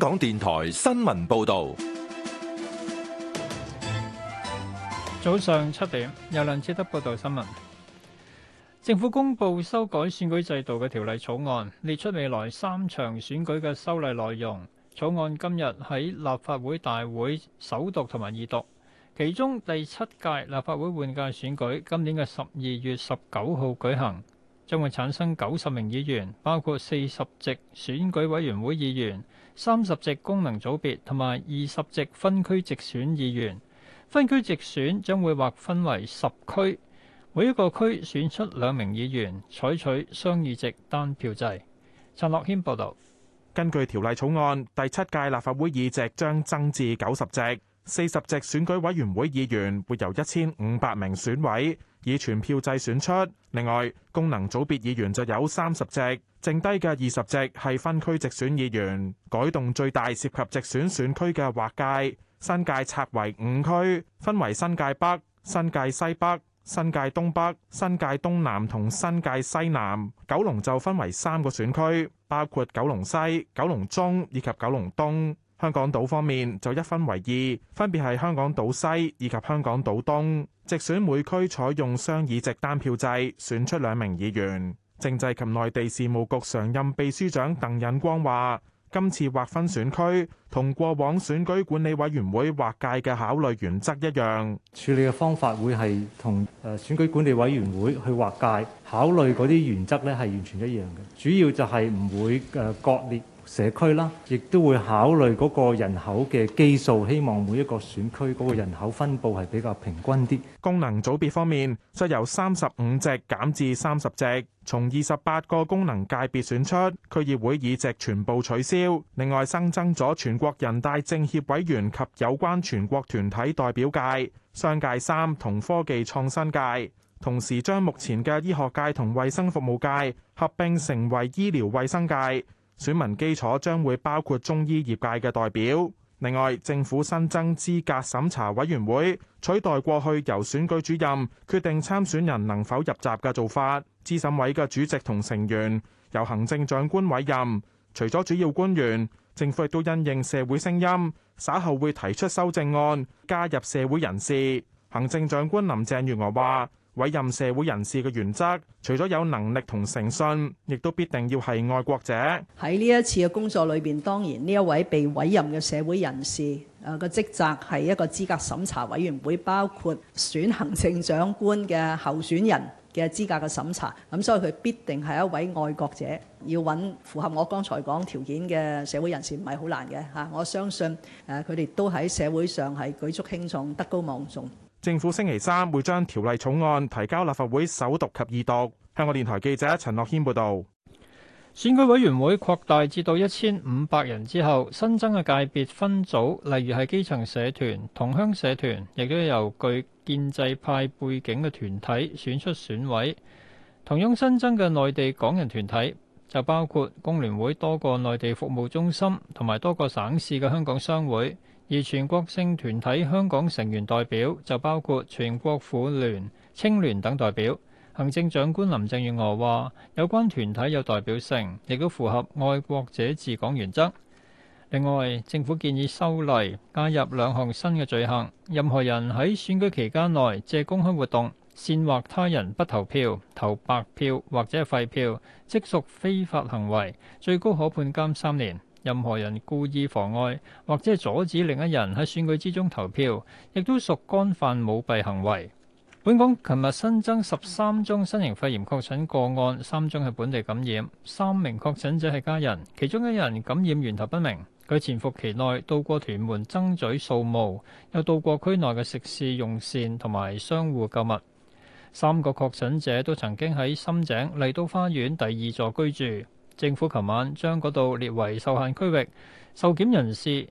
香港電台新聞報道，早上七點，由梁志德報道新聞。政府公布修改選舉制度嘅條例草案，列出未來三場選舉嘅修例內容。草案今日喺立法會大會首讀同埋二讀，其中第七屆立法會換屆選舉今年嘅十二月十九號舉行。將會產生九十名議員，包括四十席選舉委員會議員、三十席功能組別同埋二十席分區直選議員。分區直選將會劃分為十區，每一個區選出兩名議員，採取雙議席單票制。陳樂軒報導。根據條例草案，第七屆立法會議席將增至九十席。四十席選舉委員會議員會由一千五百名選委以全票制選出，另外，功能組別議員就有三十席，剩低嘅二十席係分區直選議員。改動最大涉及直選選區嘅劃界，新界拆為五區，分為新界北、新界西北、新界東北、新界東南同新界西南。九龍就分為三個選區，包括九龍西、九龍中以及九龍東。香港島方面就一分為二，分別係香港島西以及香港島東。直選每區採用雙議席單票制，選出兩名議員。政制及內地事務局常任秘書長鄧忍光話，今次劃分選區同過往選舉管理委員會劃界嘅考慮原則一樣，處理嘅方法會係同誒選舉管理委員會去劃界，考慮嗰啲原則咧係完全一樣嘅，主要就係唔會誒割裂。社區啦，亦都會考慮嗰個人口嘅基數，希望每一個選區嗰個人口分佈係比較平均啲。功能組別方面，則由三十五席減至三十席，從二十八個功能界別選出。區議會議席全部取消，另外新增咗全國人大政協委員及有關全國團體代表界、商界三同科技創新界，同時將目前嘅醫學界同衛生服務界合併成為醫療衛生界。選民基礎將會包括中醫業界嘅代表。另外，政府新增資格審查委員會，取代過去由選舉主任決定參選人能否入閘嘅做法。資審委嘅主席同成員由行政長官委任，除咗主要官員，政府亦都因應社會聲音，稍後會提出修正案，加入社會人士。行政長官林鄭月娥話：委任社會人士嘅原則，除咗有能力同誠信，亦都必定要係愛國者。喺呢一次嘅工作裏邊，當然呢一位被委任嘅社會人士，誒個職責係一個資格審查委員會，包括選行政長官嘅候選人嘅資格嘅審查。咁所以佢必定係一位愛國者。要揾符合我剛才講條件嘅社會人士，唔係好難嘅吓。我相信誒，佢哋都喺社會上係舉足輕重、德高望重。政府星期三會將條例草案提交立法會首讀及二讀。香港電台記者陳樂軒報導，選舉委員會擴大至到一千五百人之後，新增嘅界別分組，例如係基層社團、同鄉社團，亦都由具建制派背景嘅團體選出選委。同樣新增嘅內地港人團體，就包括工聯會多個內地服務中心，同埋多個省市嘅香港商會。而全國性團體香港成員代表就包括全國婦聯、青聯等代表。行政長官林鄭月娥話：有關團體有代表性，亦都符合愛國者治港原則。另外，政府建議修例加入兩項新嘅罪行，任何人喺選舉期間內借公開活動煽惑他人不投票、投白票或者廢票，即屬非法行為，最高可判監三年。任何人故意妨礙或者阻止另一人喺選舉之中投票，亦都屬干犯舞弊行為。本港琴日新增十三宗新型肺炎確診個案，三宗係本地感染，三名確診者係家人，其中一人感染源頭不明。佢潛伏期內到過屯門曾咀掃墓，又到過區內嘅食肆、用膳同埋商戶購物。三個確診者都曾經喺深井麗都花園第二座居住。政府琴晚將嗰度列為受限區域，受檢人士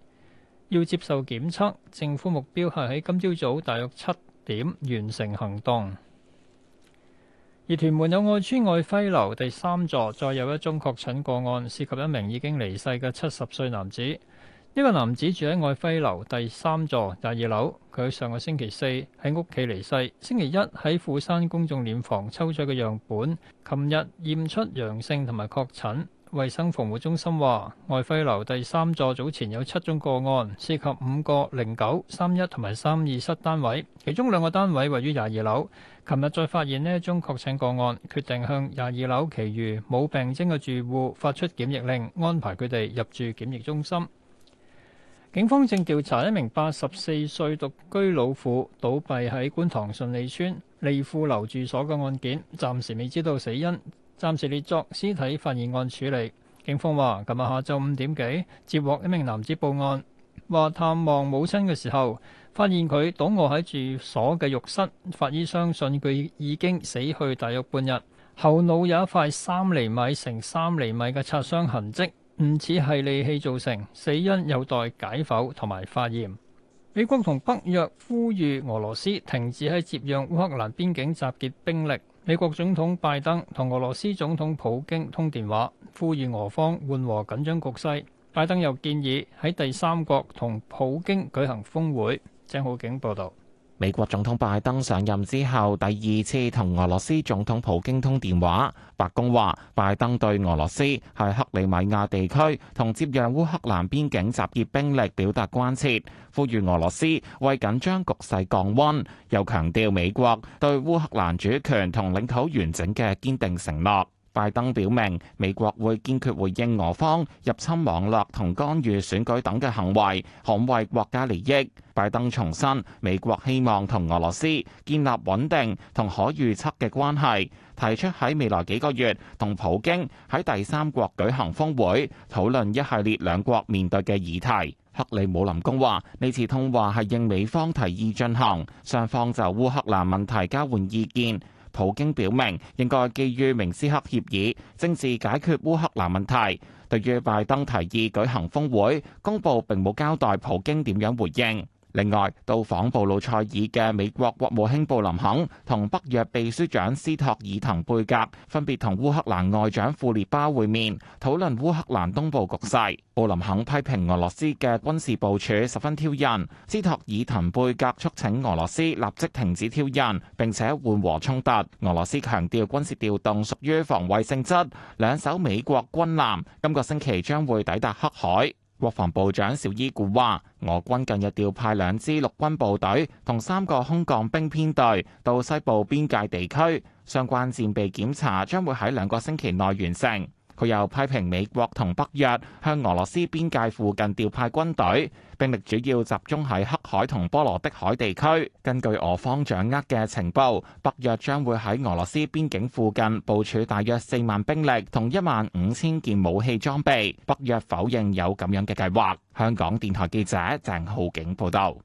要接受檢測。政府目標係喺今朝早大約七點完成行動。而屯門有友愛邨愛暉樓第三座再有一宗確診個案，涉及一名已經離世嘅七十歲男子。呢個男子住喺愛輝樓第三座廿二樓，佢喺上個星期四喺屋企離世。星期一喺富山公眾殮房抽取嘅樣本，琴日驗出陽性，同埋確診。衞生防護中心話，愛輝樓第三座早前有七宗個案，涉及五個零九三一同埋三二室單位，其中兩個單位位於廿二樓。琴日再發現呢一宗確診個案，決定向廿二樓其餘冇病徵嘅住戶發出檢疫令，安排佢哋入住檢疫中心。警方正調查一名八十四歲獨居老婦倒斃喺觀塘順利邨利富樓住所嘅案件，暫時未知道死因，暫時列作屍體發現案處理。警方話：琴日下晝五點幾，接獲一名男子報案，話探望母親嘅時候，發現佢倒卧喺住所嘅浴室。法醫相信佢已經死去大約半日，後腦有一塊三厘米乘三厘米嘅擦傷痕跡。唔似係利器造成，死因有待解剖同埋化驗。美國同北約呼籲俄羅斯停止喺接壤烏克蘭邊境集結兵力。美國總統拜登同俄羅斯總統普京通電話，呼籲俄方緩和緊張局勢。拜登又建議喺第三國同普京舉行峰會。張浩景報道。美國總統拜登上任之後，第二次同俄羅斯總統普京通電話。白宮話拜登對俄羅斯喺克里米亞地區同接壤烏克蘭邊境集結兵力表達關切，呼籲俄羅斯為緊張局勢降温，又強調美國對烏克蘭主權同領土完整嘅堅定承諾。拜登表明，美國會堅決回應俄方入侵網絡同干預選舉等嘅行為，捍衛國家利益。拜登重申，美國希望同俄羅斯建立穩定同可預測嘅關係，提出喺未來幾個月同普京喺第三國舉行峰會，討論一系列兩國面對嘅議題。克里姆林宮話，呢次通話係應美方提議進行，雙方就烏克蘭問題交換意見。普京表明應該基於明斯克協議，政治解決烏克蘭問題。對於拜登提議舉行峰會，公佈並冇交代普京點樣回應。另外，到訪布魯塞爾嘅美國國務卿布林肯同北約秘書長斯托爾滕貝格分別同烏克蘭外長庫列巴會面，討論烏克蘭東部局勢。布林肯批評俄羅斯嘅軍事部署十分挑釁，斯托爾滕貝格促請俄羅斯立即停止挑釁，並且緩和衝突。俄羅斯強調軍事調動屬於防衛性質。兩艘美國軍艦今個星期將會抵達黑海。國防部長紹伊古話：俄軍近日調派兩支陸軍部隊同三個空降兵編隊到西部邊界地區，相關戰備檢查將會喺兩個星期內完成。佢又批評美國同北約向俄羅斯邊界附近調派軍隊，兵力主要集中喺黑海同波羅的海地區。根據俄方掌握嘅情報，北約將會喺俄羅斯邊境附近部署大約四萬兵力同一萬五千件武器裝備。北約否認有咁樣嘅計劃。香港電台記者鄭浩景報道。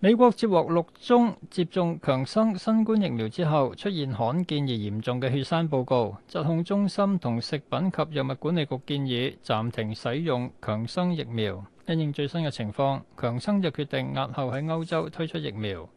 美國接獲六宗接種強生新冠疫苗之後出現罕見而嚴重嘅血栓報告，疾控中心同食品及藥物管理局建議暫停使用強生疫苗。因應最新嘅情況，強生就決定押後喺歐洲推出疫苗。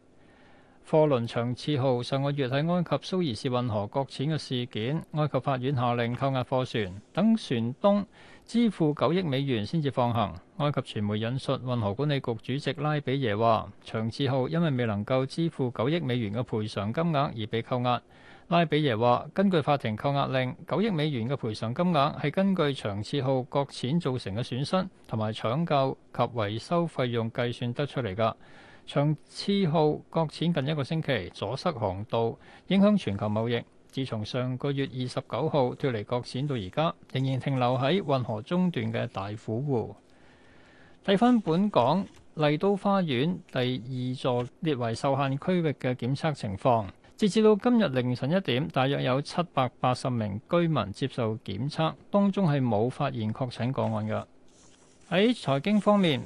貨輪長次號上個月喺埃及蘇伊士運河擱淺嘅事件，埃及法院下令扣押貨船，等船東支付九億美元先至放行。埃及傳媒引述運河管理局主席拉比耶話：長賜號因為未能夠支付九億美元嘅賠償金額而被扣押。拉比耶話：根據法庭扣押令，九億美元嘅賠償金額係根據長賜號擱淺造成嘅損失同埋搶救及維修費用計算得出嚟㗎。長賜號擱淺近一個星期，阻塞航道，影響全球貿易。自從上個月二十九號脫離擱淺到而家，仍然停留喺運河中段嘅大苦湖。睇返本港麗都花園第二座列為受限區域嘅檢測情況，截至到今日凌晨一點，大約有七百八十名居民接受檢測，當中係冇發現確診個案嘅。喺財經方面。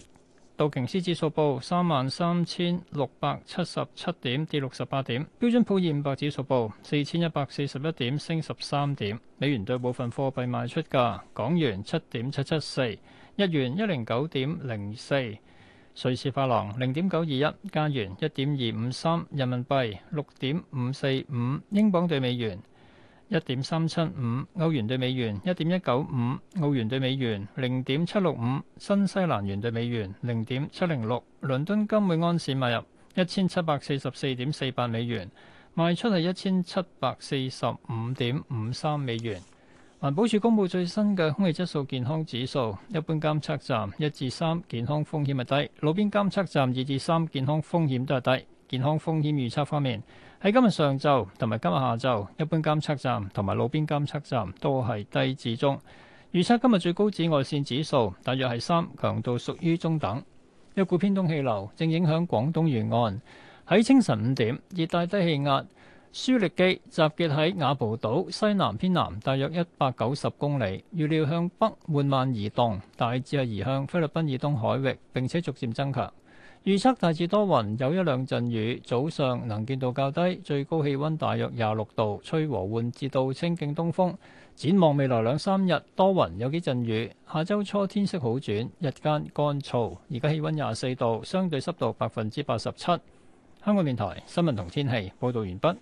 道瓊斯指數報三萬三千六百七十七點，跌六十八點。標準普爾五百指數報四千一百四十一點，升十三點。美元對部分貨幣賣出價：港元七點七七四，日元一零九點零四，瑞士法郎零點九二一，加元一點二五三，人民幣六點五四五，英鎊對美元。一點三七五歐元對美元，一點一九五澳元對美元，零點七六五新西蘭元對美元，零點七零六。倫敦金每盎司買入一千七百四十四點四八美元，賣出係一千七百四十五點五三美元。環保署公佈最新嘅空氣質素健康指數，一般監測站一至三健康風險係低，路邊監測站二至三健康風險都係低。健康風險預測方面。喺今日上晝同埋今日下晝，一般監測站同埋路邊監測站都係低至中。預測今日最高紫外線指數大約係三，強度屬於中等。一股偏東氣流正影響廣東沿岸。喺清晨五點，熱帶低氣壓舒力基集結喺雅布島西南偏南大約一百九十公里，預料向北緩慢移動，大致係移向菲律賓以東海域，並且逐漸增強。預測大致多雲，有一兩陣雨。早上能見度較低，最高氣溫大約廿六度，吹和緩至到清勁東風。展望未來兩三日多雲，有幾陣雨。下周初天色好轉，日間乾燥。而家氣溫廿四度，相對濕度百分之八十七。香港電台新聞同天氣報道完畢。